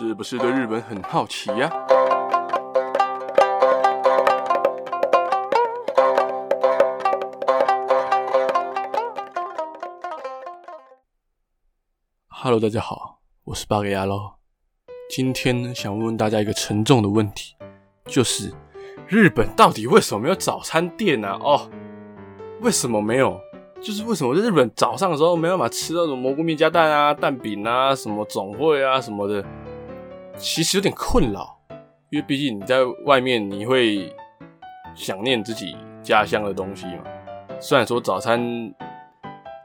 是不是對日本很好奇呀？Hello，大家好，我是八格牙嘍。今天想問大家一個沉重的問題，就是日本到底為什麼沒有早餐店呢？哦，為什麼沒有？就是為什麼在日本早上的時候沒辦法吃到那種蘑菇麵加蛋啊、蛋餅啊、什麼總會啊什麼的？其實有點困擾，因為畢竟你在外面，你會想念自己家鄉的東西嘛。雖然說早餐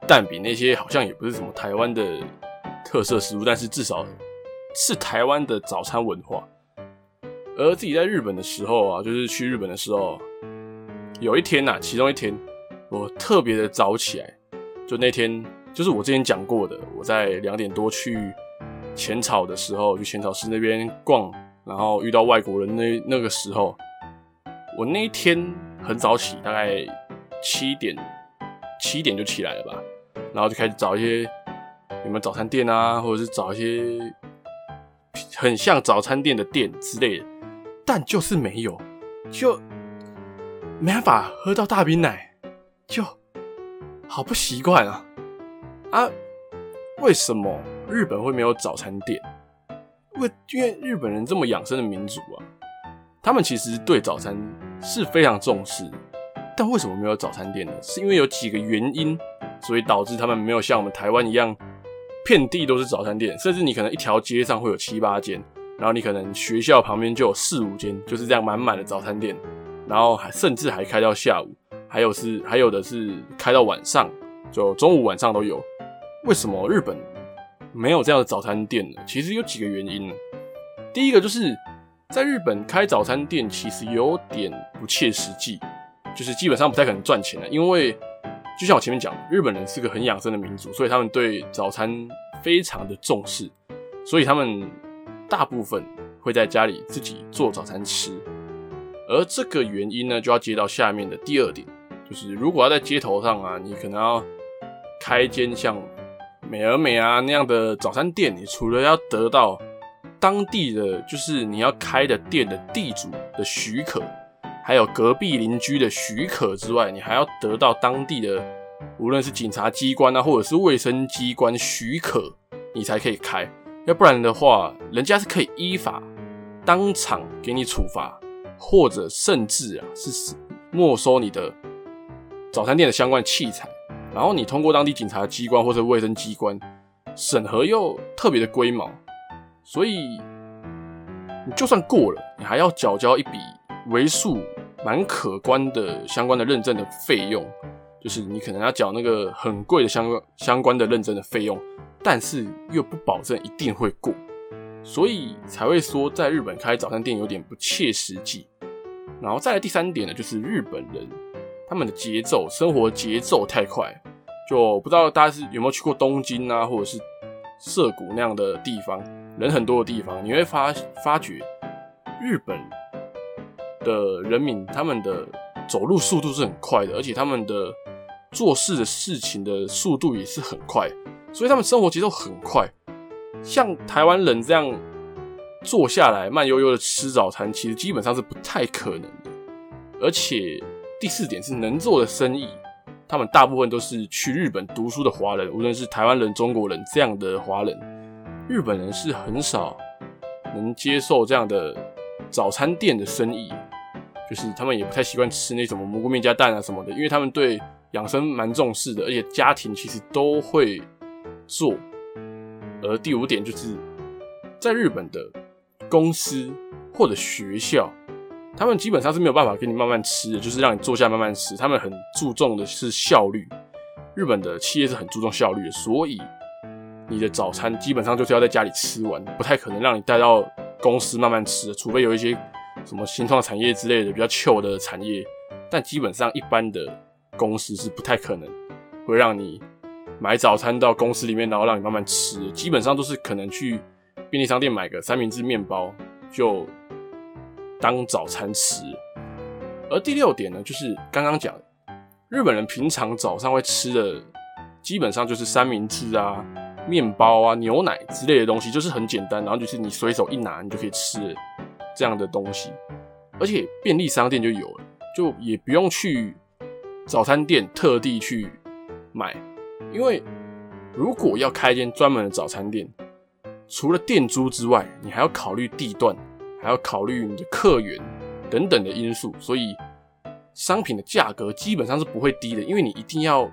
蛋餅那些好像也不是什麼台灣的特色食物，但是至少是台灣的早餐文化。而自己在日本的時候啊，就是去日本的時候，有一天吶、啊，其中一天我特別的早起來，就那天就是我之前講過的，我在兩點多去。淺草的時候去淺草寺那邊逛，然後遇到外國人那那個時候，我那一天很早起，大概七點七點就起來了吧，然後就開始找一些有沒有早餐店啊，或者是找一些很像早餐店的店之類的，但就是沒有，就沒辦法喝到大冰奶，就好不習慣啊啊！啊為什麼日本會沒有早餐店？因為因為日本人這麼養生的民族啊，他們其實對早餐是非常重視，但為什麼沒有早餐店呢？是因為有幾個原因，所以導致他們沒有像我們台灣一樣，遍地都是早餐店，甚至你可能一條街上會有七八間，然後你可能學校旁邊就有四五間，就是這樣滿滿的早餐店。然後還甚至還開到下午，還有是還有的是開到晚上，就中午晚上都有。為什麼日本沒有這樣的早餐店呢？其實有幾個原因呢。第一個就是，在日本開早餐店其實有點不切實際，就是基本上不太可能賺錢的。因為就像我前面講，日本人是個很養生的民族，所以他們對早餐非常的重視，所以他們大部分會在家裡自己做早餐吃。而這個原因呢，就要接到下面的第二點，就是如果要在街頭上啊，你可能要開間像美而美啊，那樣的早餐店，你除了要得到當地的就是你要開的店的地主的許可，還有隔壁鄰居的許可之外，你還要得到當地的無論是警察機關啊，或者是衛生機關許可，你才可以開。要不然的話，人家是可以依法當場給你處罰，或者甚至啊是沒收你的早餐店的相關器材。然後你通過當地警察機關或者衛生機關審核又特別的龜毛，所以你就算過了，你還要繳交一筆為數蠻可觀的相關的認證的費用，就是你可能要繳那個很貴的相相關的認證的費用，但是又不保證一定會過，所以才會說在日本開早餐店有點不切實際。然後再來第三點呢，就是日本人。他們的節奏，生活節奏太快，就不知道大家是有沒有去過東京啊，或者是澀谷那樣的地方，人很多的地方，你會發發覺，日本的人民他們的走路速度是很快的，而且他們的做事的事情的速度也是很快，所以他們生活節奏很快。像台灣人這樣坐下來慢悠悠的吃早餐，其實基本上是不太可能的，而且。第四點是能做的生意，他們大部分都是去日本讀書的華人，無論是台灣人、中國人這樣的華人，日本人是很少能接受這樣的早餐店的生意，就是他們也不太習慣吃那什麼蘑菇麵加蛋啊什麼的，因為他們對養生蠻重視的，而且家庭其實都會做。而第五點就是在日本的公司或者學校，他們基本上是沒有辦法給你慢慢吃的，就是讓你坐下慢慢吃。他們很注重的是效率，日本的企業是很注重效率的，所以你的早餐基本上就是要在家裡吃完，不太可能讓你帶到公司慢慢吃，除非有一些什麼新創產業之類的比較舊的產業，但基本上一般的公司是不太可能會讓你買早餐到公司裡面，然後讓你慢慢吃。基本上都是可能去便利商店買個三明治、麵包就。當早餐吃，而第六點呢，就是剛剛講，日本人平常早上會吃的，基本上就是三明治啊、麵包啊、牛奶之類的東西，就是很簡單，然後就是你隨手一拿，你就可以吃了這樣的東西，而且便利商店就有了，就也不用去早餐店特地去買，因為如果要開間專門的早餐店，除了店租之外，你還要考慮地段。還要考慮你的客源等等的因素，所以商品的價格基本上是不會低的，因為你一定要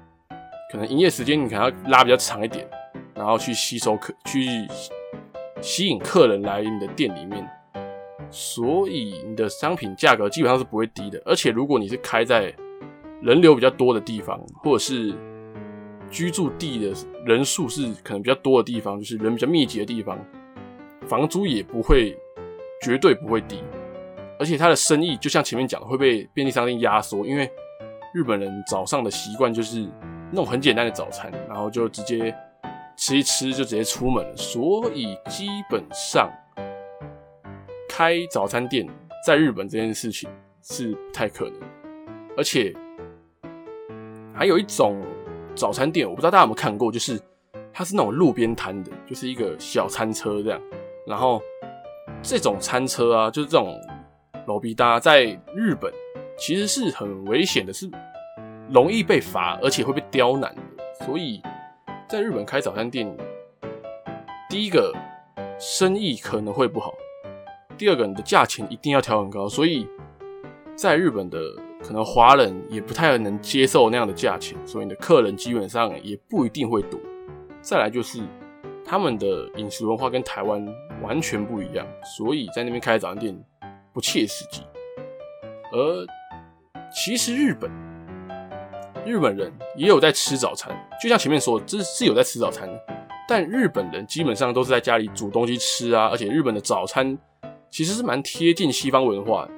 可能營業時間你可能要拉比較長一點，然後去吸收客，去吸引客人來你的店裡面，所以你的商品價格基本上是不會低的。而且如果你是開在人流比較多的地方，或者是居住地的人數是可能比較多的地方，就是人比較密集的地方，房租也不會。絕對不會低，而且它的生意就像前面講的會被便利商店壓縮，因為日本人早上的習慣就是那種很簡單的早餐，然後就直接吃一吃就直接出門了，所以基本上開早餐店在日本這件事情是不太可能。而且還有一種早餐店，我不知道大家有沒有看過，就是它是那種路邊攤的，就是一個小餐車這樣，然後。這種餐車啊，就是這種老逼搭，在日本其實是很危險的，是容易被罰，而且會被刁難的。所以在日本開早餐店，第一個生意可能會不好，第二個你的價錢一定要調很高，所以在日本的可能華人也不太能接受那樣的價錢，所以你的客人基本上也不一定會多。再來就是。他們的飲食文化跟台灣完全不一樣，所以在那邊開早餐店不切實際。而其實日本日本人也有在吃早餐，就像前面說，這是有在吃早餐。但日本人基本上都是在家裡煮東西吃啊，而且日本的早餐其實是蠻貼近西方文化的。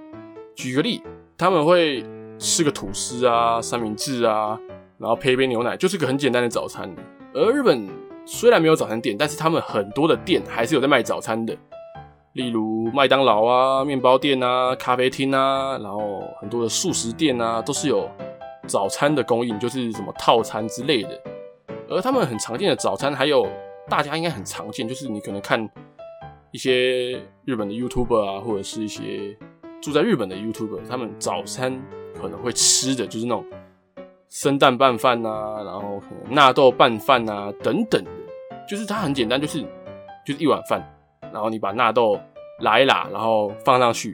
舉個例，他們會吃個吐司啊、三明治啊，然後配一杯牛奶，就是個很簡單的早餐。而日本。雖然沒有早餐店，但是他們很多的店還是有在賣早餐的，例如麥當勞啊、麵包店啊、咖啡廳啊，然後很多的速食店啊，都是有早餐的供應，就是什麼套餐之類的。而他們很常見的早餐，還有大家應該很常見，就是你可能看一些日本的 YouTuber 啊，或者是一些住在日本的 YouTuber，他們早餐可能會吃的，就是那種。生蛋拌飯吶、啊，然後可能納豆拌飯吶、啊，等等的，就是它很簡單，就是就是一碗飯，然後你把納豆拉一拉，然後放上去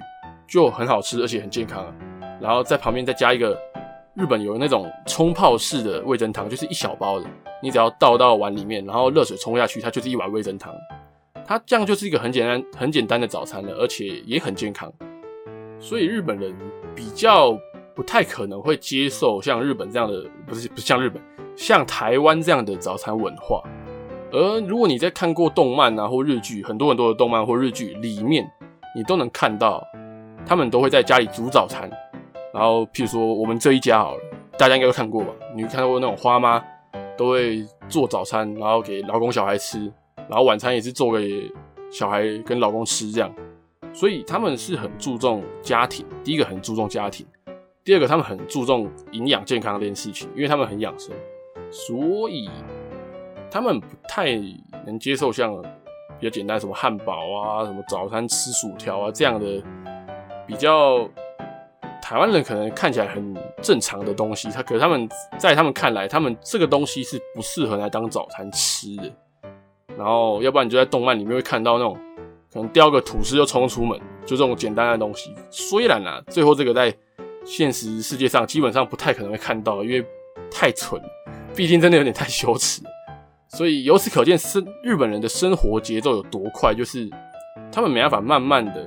就很好吃，而且很健康。然後在旁邊再加一個日本有那種沖泡式的味噌湯，就是一小包的，你只要倒到碗裡面，然後熱水沖下去，它就是一碗味噌湯。它這樣就是一個很簡單很簡單的早餐了，而且也很健康。所以日本人比較。不太可能會接受像日本這樣的，不是不是像日本，像台灣這樣的早餐文化。而如果你在看過動漫啊或日劇，很多很多的動漫或日劇裡面，你都能看到他們都會在家裡煮早餐。然後，譬如說我們這一家，好了，大家應該都看過吧？你看到過那種花媽都會做早餐，然後給老公小孩吃，然後晚餐也是做給小孩跟老公吃這樣。所以他們是很注重家庭，第一個很注重家庭。第二個，他們很注重營養健康這件事情，因為他們很養生，所以他們不太能接受像比較簡單什麼漢堡啊、什麼早餐吃薯條啊這樣的比較台灣人可能看起來很正常的東西，他可是他們在他們看來，他們這個東西是不適合來當早餐吃的。然後，要不然你就在動漫裡面會看到那種可能叼個吐司就衝出門，就這種簡單的東西。雖然呢、啊，最後這個在現實世界上基本上不太可能會看到，因為太蠢，畢竟真的有點太羞恥。所以由此可見，生日本人的生活節奏有多快，就是他們沒辦法慢慢的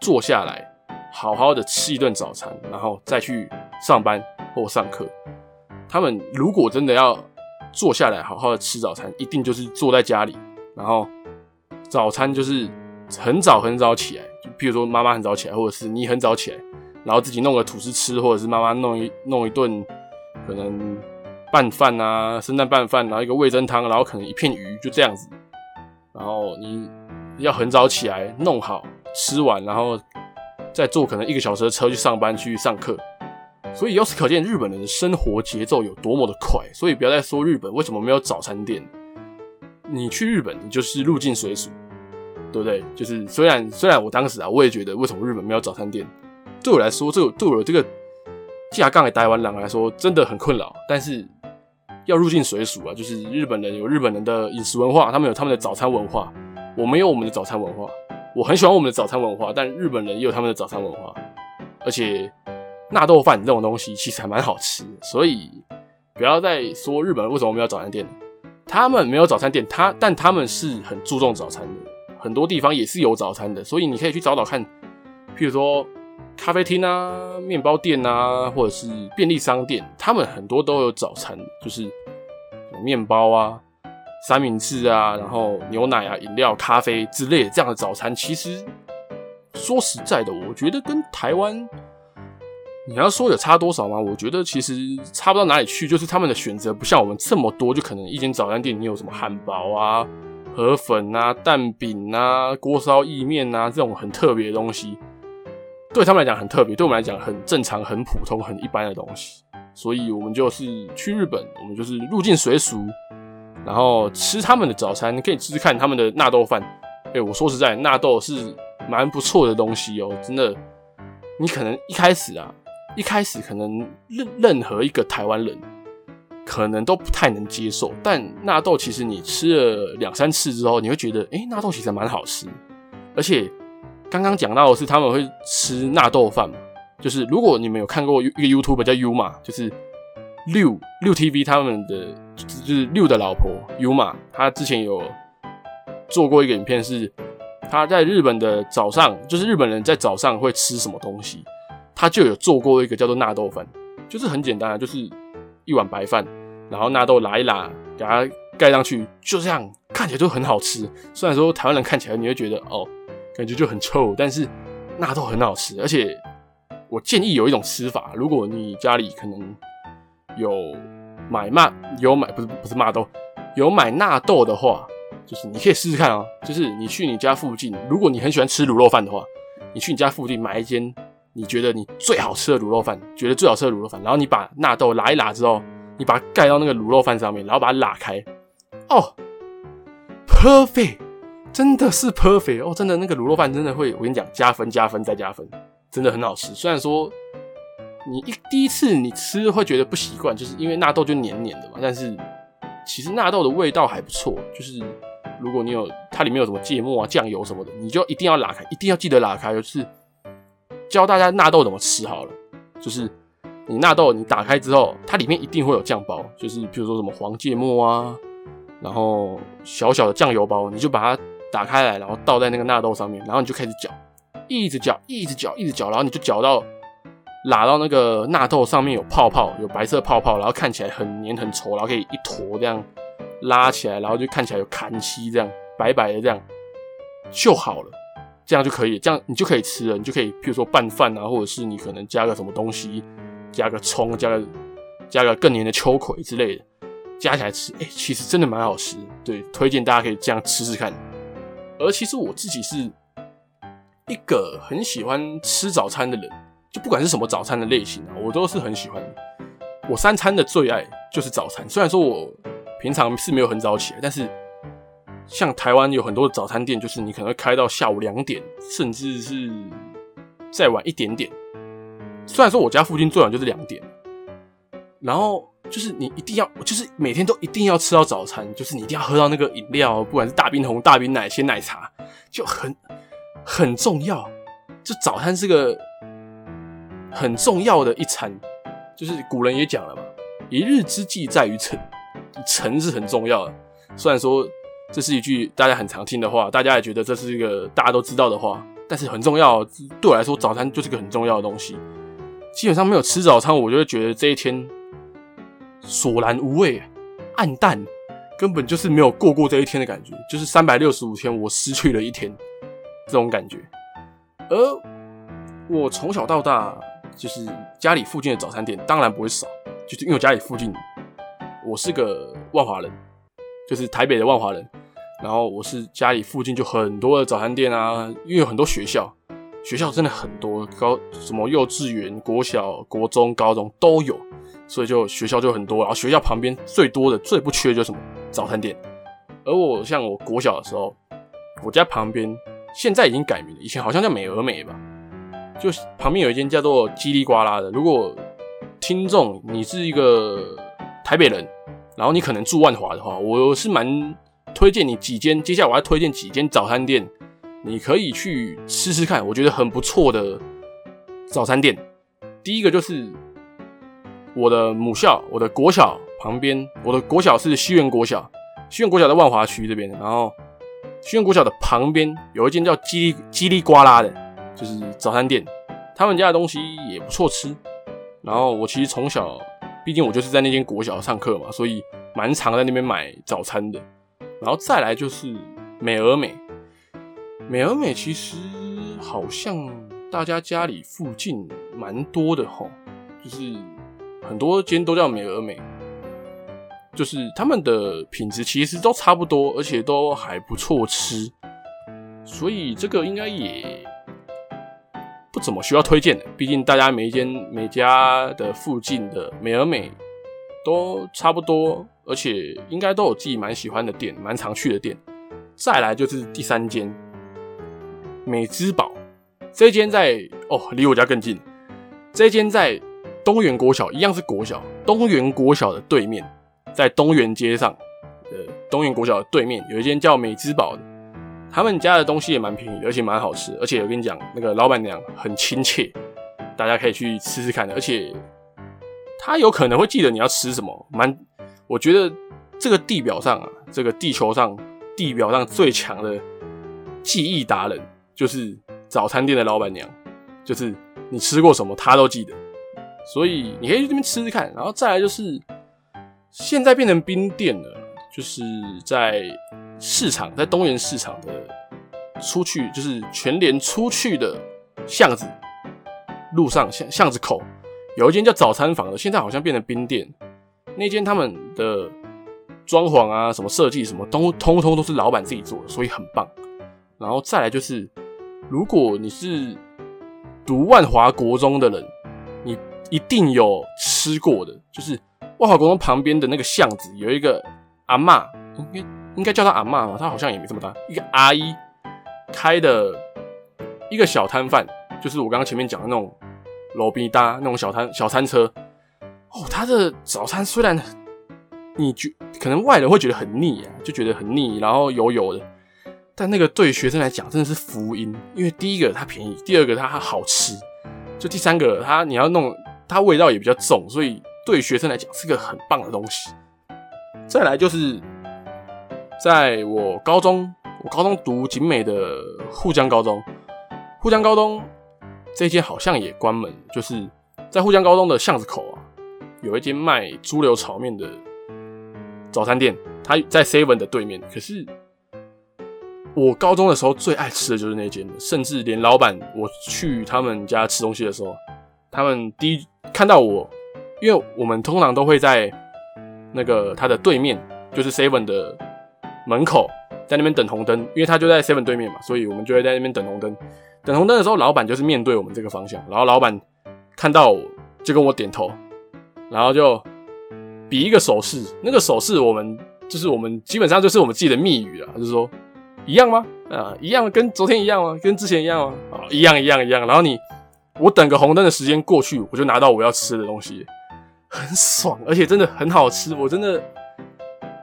坐下來，好好的吃一頓早餐，然後再去上班或上課。他們如果真的要坐下來好好的吃早餐，一定就是坐在家裡，然後早餐就是很早很早起來，就譬如說媽媽很早起來，或者是你很早起來。然後自己弄個吐司吃，或者是媽媽弄一弄一頓，可能拌飯啊，生蛋拌飯，然後一個味噌湯，然後可能一片魚，就這樣子。然後你要很早起來弄好，吃完，然後再坐可能一個小時的車去上班去上課。所以由此可見，日本人的生活節奏有多麼的快。所以不要再說日本為什麼沒有早餐店。你去日本，你就是入境隨俗，對不對？就是雖然雖然我當時啊，我也覺得為什麼日本沒有早餐店。對我來說，這對我這個下槓的台灣人來說真的很困擾。但是要入境隨俗啊，就是日本人有日本人的飲食文化，他們有他們的早餐文化，我們有我們的早餐文化。我很喜歡我們的早餐文化，但日本人也有他們的早餐文化，而且納豆飯這種東西其實還蠻好吃的。所以不要再說日本人為什麼沒有早餐店，他們沒有早餐店，他但他們是很注重早餐的，很多地方也是有早餐的，所以你可以去找找看，譬如說。咖啡廳啊，麵包店啊，或者是便利商店，他們很多都有早餐，就是麵包啊、三明治啊，然後牛奶啊、飲料、咖啡之類的這樣的早餐。其實說實在的，我覺得跟台灣，你要說有差多少嗎？我覺得其實差不到哪裡去，就是他們的選擇不像我們這麼多，就可能一間早餐店，你有什麼漢堡啊、河粉啊、蛋餅啊、鍋燒意麵啊這種很特別的東西。對他們來講很特別，對我們來講很正常、很普通、很一般的東西。所以，我們就是去日本，我們就是入境隨俗，然後吃他們的早餐，你可以吃吃看他們的納豆飯。哎、欸，我說實在，納豆是蠻不錯的東西哦，真的。你可能一開始啊，一開始可能任任何一個台灣人可能都不太能接受，但納豆其實你吃了兩三次之後，你會覺得，誒、欸，納豆其實蠻好吃，而且。剛剛講到的是他們會吃納豆飯，就是如果你們有看過一個 YouTuber 叫 Yuma，就是六六 TV 他們的就是六的老婆 Yuma。她之前有做過一個影片，是她在日本的早上，就是日本人在早上會吃什麼東西，她就有做過一個叫做納豆飯，就是很簡單啊，就是一碗白飯，然後納豆撈一撈，給他蓋上去，就這樣看起來就很好吃。雖然說台灣人看起來你會覺得哦。感覺就很臭，但是納豆很好吃，而且我建議有一種吃法，如果你家裡可能有買、納有買不是不是納豆有買納豆的話，就是你可以試試看哦、啊。就是你去你家附近，如果你很喜歡吃滷肉飯的話，你去你家附近買一間你覺得你最好吃的滷肉飯，覺得最好吃的滷肉飯，然後你把納豆拉一拉之後，你把它蓋到那個滷肉飯上面，然後把它拉開，哦、oh,，perfect。真的是 perfect 哦，真的那個滷肉飯真的會，我跟你講加分加分再加分，真的很好吃。雖然說你一第一次你吃會覺得不習慣，就是因為納豆就黏黏的嘛。但是其實納豆的味道還不錯，就是如果你有它裡面有什麼芥末啊、醬油什麼的，你就一定要拉開，一定要記得拉開。就是教大家納豆怎麼吃好了，就是你納豆你打開之後，它裡面一定會有醬包，就是比如說什麼黃芥末啊，然後小小的醬油包，你就把它。打開來，然後倒在那個納豆上面，然後你就開始攪，一直攪，一直攪，一直攪，然後你就攪到拉到那個納豆上面有泡泡，有白色泡泡，然後看起來很黏很稠，然後可以一坨這樣拉起來，然後就看起來有砍漆這樣白白的這樣就好了，這樣就可以，這樣你就可以吃了，你就可以，比如說拌飯啊，或者是你可能加個什麼東西，加個蔥，加個加個更黏的秋葵之類的，加起來吃，哎、欸，其實真的蠻好吃，對，推薦大家可以這樣吃吃看。而其實我自己是一個很喜歡吃早餐的人，就不管是什麼早餐的類型啊，我都是很喜歡。我三餐的最愛就是早餐，雖然說我平常是沒有很早起來，但是像台灣有很多的早餐店，就是你可能會開到下午兩點，甚至是再晚一點點。雖然說我家附近最晚就是兩點，然後。就是你一定要，就是每天都一定要吃到早餐，就是你一定要喝到那個飲料，不管是大冰紅、大冰奶、鮮奶茶，就很很重要。就早餐是個很重要的一餐，就是古人也講了嘛，“一日之計在於晨”，晨是很重要的。雖然說這是一句大家很常聽的話，大家也覺得這是一個大家都知道的話，但是很重要。對我來說，早餐就是個很重要的東西。基本上沒有吃早餐，我就會覺得這一天。索然無味，黯淡，根本就是沒有過過這一天的感覺，就是三百六十五天，我失去了一天，這種感覺。而我從小到大，就是家裡附近的早餐店，當然不會少，就是因為我家裡附近，我是個萬華人，就是台北的萬華人。然後我是家裡附近就很多的早餐店啊，因為有很多學校，學校真的很多，高什麼幼稚園、國小、國中、高中都有。所以就學校就很多，然後學校旁邊最多的、最不缺的就是什麼早餐店。而我像我國小的時候，我家旁邊現在已經改名了，以前好像叫美而美吧，就旁邊有一間叫做嘰里呱啦的。如果聽眾你是一個台北人，然後你可能住萬華的話，我是蠻推薦你幾間。接下來我要推薦幾間早餐店，你可以去試試看，我覺得很不錯的早餐店。第一個就是。我的母校，我的國小旁邊，我的國小是西園國小，西園國小在萬華區這邊。然後，西園國小的旁邊有一間叫利“嘰里嘰里呱啦”的，就是早餐店，他們家的東西也不錯吃。然後我其實從小，畢竟我就是在那間國小上課嘛，所以蠻常在那邊買早餐的。然後再來就是美而美，美而美其實好像大家家裡附近蠻多的齁，就是。很多間都叫美而美，就是他們的品質其實都差不多，而且都還不錯吃，所以這個應該也不怎麼需要推薦的。畢竟大家每一間每家的附近的美而美都差不多，而且應該都有自己蠻喜歡的店、蠻常去的店。再來就是第三間美之寶，這間在，哦，離我家更近，這間在東元國小，一樣是國小，東元國小的對面，在東元街上，呃，東元國小的對面有一間叫美之寶的，他們家的東西也蠻便宜，而且蠻好吃，而且我跟你講，那個老闆娘很親切，大家可以去吃吃看的，而且他有可能會記得你要吃什麼，蠻，我覺得這個地表上啊，這個地球上地表上最強的記憶達人，就是早餐店的老闆娘，就是你吃過什麼，他都記得。所以你可以去那邊吃吃看，然後再來就是現在變成冰店了，就是在市場，在東園市場的出去就是全聯出去的巷子路上巷巷子口有一間叫早餐房的，現在好像變成冰店，那間他們的裝潢啊、什麼設計、什麼都通通都是老板自己做的，所以很棒。然後再來就是如果你是讀萬華國中的人。一定有吃過的，就是萬華國中旁邊的那個巷子，有一個阿嬤，應該應該叫她阿嬤嘛，她好像也沒這麼大，一個阿姨開的一個小攤販，就是我剛剛前面講的那種路比搭那種小攤小餐車。哦，他的早餐雖然你覺可能外人會覺得很膩啊，就覺得很膩，然後油油的，但那個對學生來講真的是福音，因為第一個它便宜，第二個它好吃，就第三個它你要弄。它味道也比較重，所以對學生來講是個很棒的東西。再來就是，在我高中，我高中讀景美的滬江高中，滬江高中這一間好像也關門，就是在滬江高中的巷子口啊，有一間賣豬柳炒麵的早餐店，它在 Seven 的對面。可是我高中的時候最愛吃的就是那間，甚至連老闆，我去他們家吃東西的時候，他們第一。看到我，因為我們通常都會在那個他的對面，就是 Seven 的門口，在那邊等紅燈，因為他就在 Seven 對面嘛，所以我們就會在那邊等紅燈。等紅燈的時候，老闆就是面對我們這個方向，然後老闆看到我就跟我點頭，然後就比一個手勢，那個手勢我們就是我們基本上就是我們自己的密語啦，就是說一樣嗎？啊，一樣，跟昨天一樣嗎？跟之前一樣嗎？啊，一樣一樣一樣。然後你。我等個紅燈的時間過去，我就拿到我要吃的東西，很爽，而且真的很好吃。我真的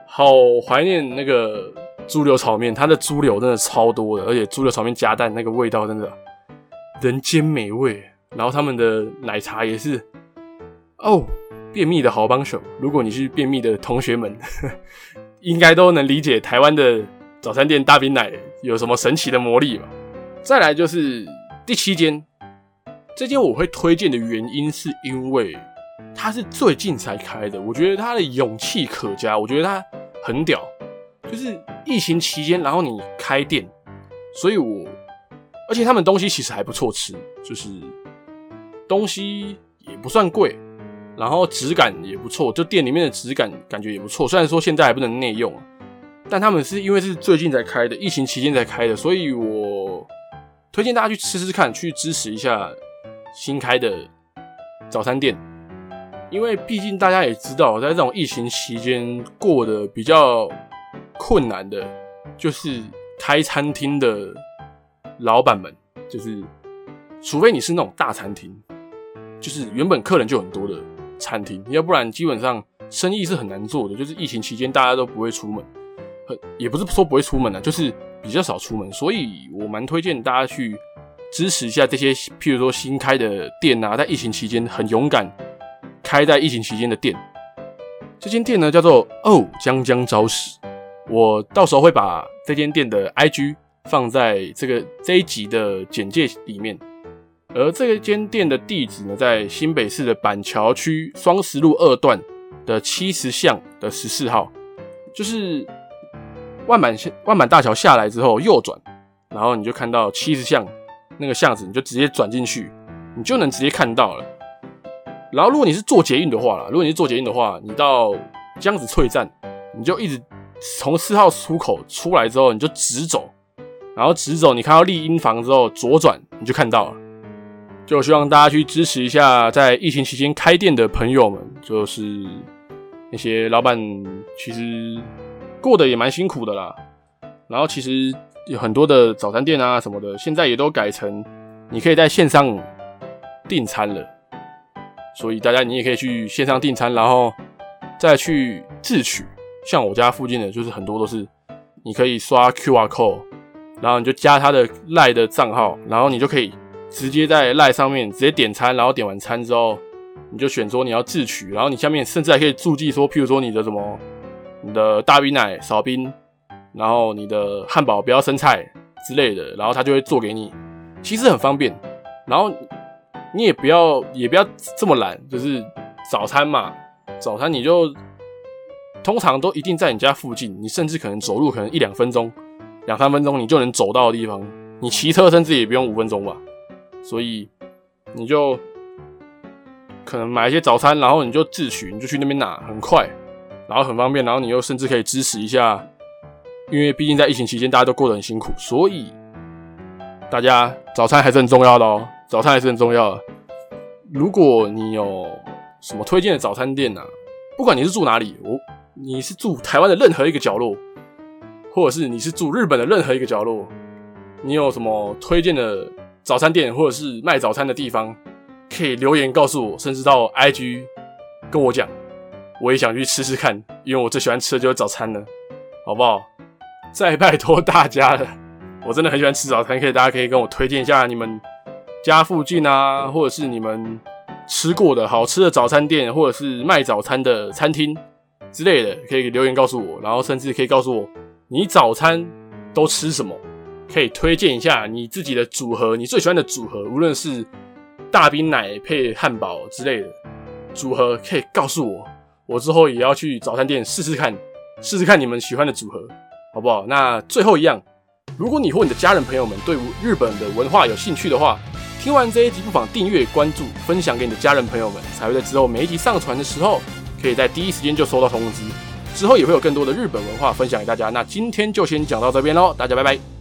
好懷念那個豬柳炒麵，它的豬柳真的超多的，而且豬柳炒麵加蛋那個味道，真的人間美味。然後他們的奶茶也是哦，便秘的好幫手。如果你是便秘的同學們，呵，應該都能理解台灣的早餐店大冰奶有什麼神奇的魔力吧？再來就是第七間。這間我會推薦的原因是因為它是最近才開的，我覺得它的勇氣可嘉，我覺得它很屌。就是疫情期間，然後你開店，所以我而且他們東西其實還不錯吃，就是東西也不算貴，然後質感也不錯，就店裡面的質感感覺也不錯。雖然說現在還不能內用，但他們是因為是最近才開的，疫情期間才開的，所以我推薦大家去吃吃看，去支持一下。新開的早餐店，因為畢竟大家也知道，在這種疫情期間過得比較困難的，就是開餐廳的老板們，就是除非你是那種大餐廳，就是原本客人就很多的餐廳，要不然基本上生意是很難做的。就是疫情期間大家都不會出門，也不是說不會出門啊，就是比較少出門，所以我蠻推薦大家去。支持一下這些，譬如說新開的店啊，在疫情期間很勇敢開在疫情期間的店。這間店呢叫做“哦，江江昭史”，我到時候會把這間店的 IG 放在這個這一集的簡介裡面。而這個間店的地址呢，在新北市的板橋區雙十路二段的七十巷的十四號，就是萬板下萬板大橋下來之後右轉，然後你就看到七十巷。那個巷子，你就直接轉進去，你就能直接看到了。然後如果你是坐捷運的話了，如果你是坐捷運的話，你到江子翠站，你就一直從四號出口出來之後，你就直走，然後直走，你看到麗嬰房之後左轉，你就看到了。就希望大家去支持一下在疫情期間開店的朋友們，就是那些老闆其實過得也蠻辛苦的啦。然後其實。有很多的早餐店啊什麼的，現在也都改成你可以在線上訂餐了，所以大家你也可以去線上訂餐，然後再去自取。像我家附近的就是很多都是你可以刷 QR code，然後你就加他的 LINE 的賬號，然後你就可以直接在 LINE 上面直接點餐，然後點完餐之後你就選說你要自取，然後你下面甚至還可以注記說，譬如說你的什麼你的大冰奶少冰。然後你的漢堡不要生菜之類的，然後他就會做給你，其實很方便。然後你也不要也不要這麼懶，就是早餐嘛，早餐你就通常都一定在你家附近，你甚至可能走路可能一兩分鐘、兩三分鐘你就能走到的地方，你騎車甚至也不用五分鐘吧。所以你就可能買一些早餐，然後你就自取，你就去那邊拿，很快，然後很方便，然後你又甚至可以支持一下。因為畢竟在疫情期間，大家都過得很辛苦，所以大家早餐還是很重要的哦、喔。早餐還是很重要。如果你有什麼推薦的早餐店呢、啊？不管你是住哪裡，我你是住台灣的任何一個角落，或者是你是住日本的任何一個角落，你有什麼推薦的早餐店，或者是賣早餐的地方，可以留言告訴我，甚至到 IG 跟我講，我也想去吃吃看。因為我最喜歡吃的就是早餐了，好不好？再拜託大家了，我真的很喜歡吃早餐，可以大家可以跟我推薦一下你們家附近啊，或者是你們吃過的好吃的早餐店，或者是賣早餐的餐廳之類的，可以留言告訴我，然後甚至可以告訴我你早餐都吃什麼，可以推薦一下你自己的組合，你最喜歡的組合，無論是大冰奶配漢堡之類的組合，可以告訴我，我之後也要去早餐店試試看，試試看你們喜歡的組合。好不好？那最後一樣，如果你或你的家人朋友們對日本的文化有興趣的話，聽完這一集不妨訂閱、關注、分享給你的家人朋友們，才會在之後每一集上傳的時候，可以在第一時間就收到通知。之後也會有更多的日本文化分享給大家。那今天就先講到這邊嘍，大家拜拜。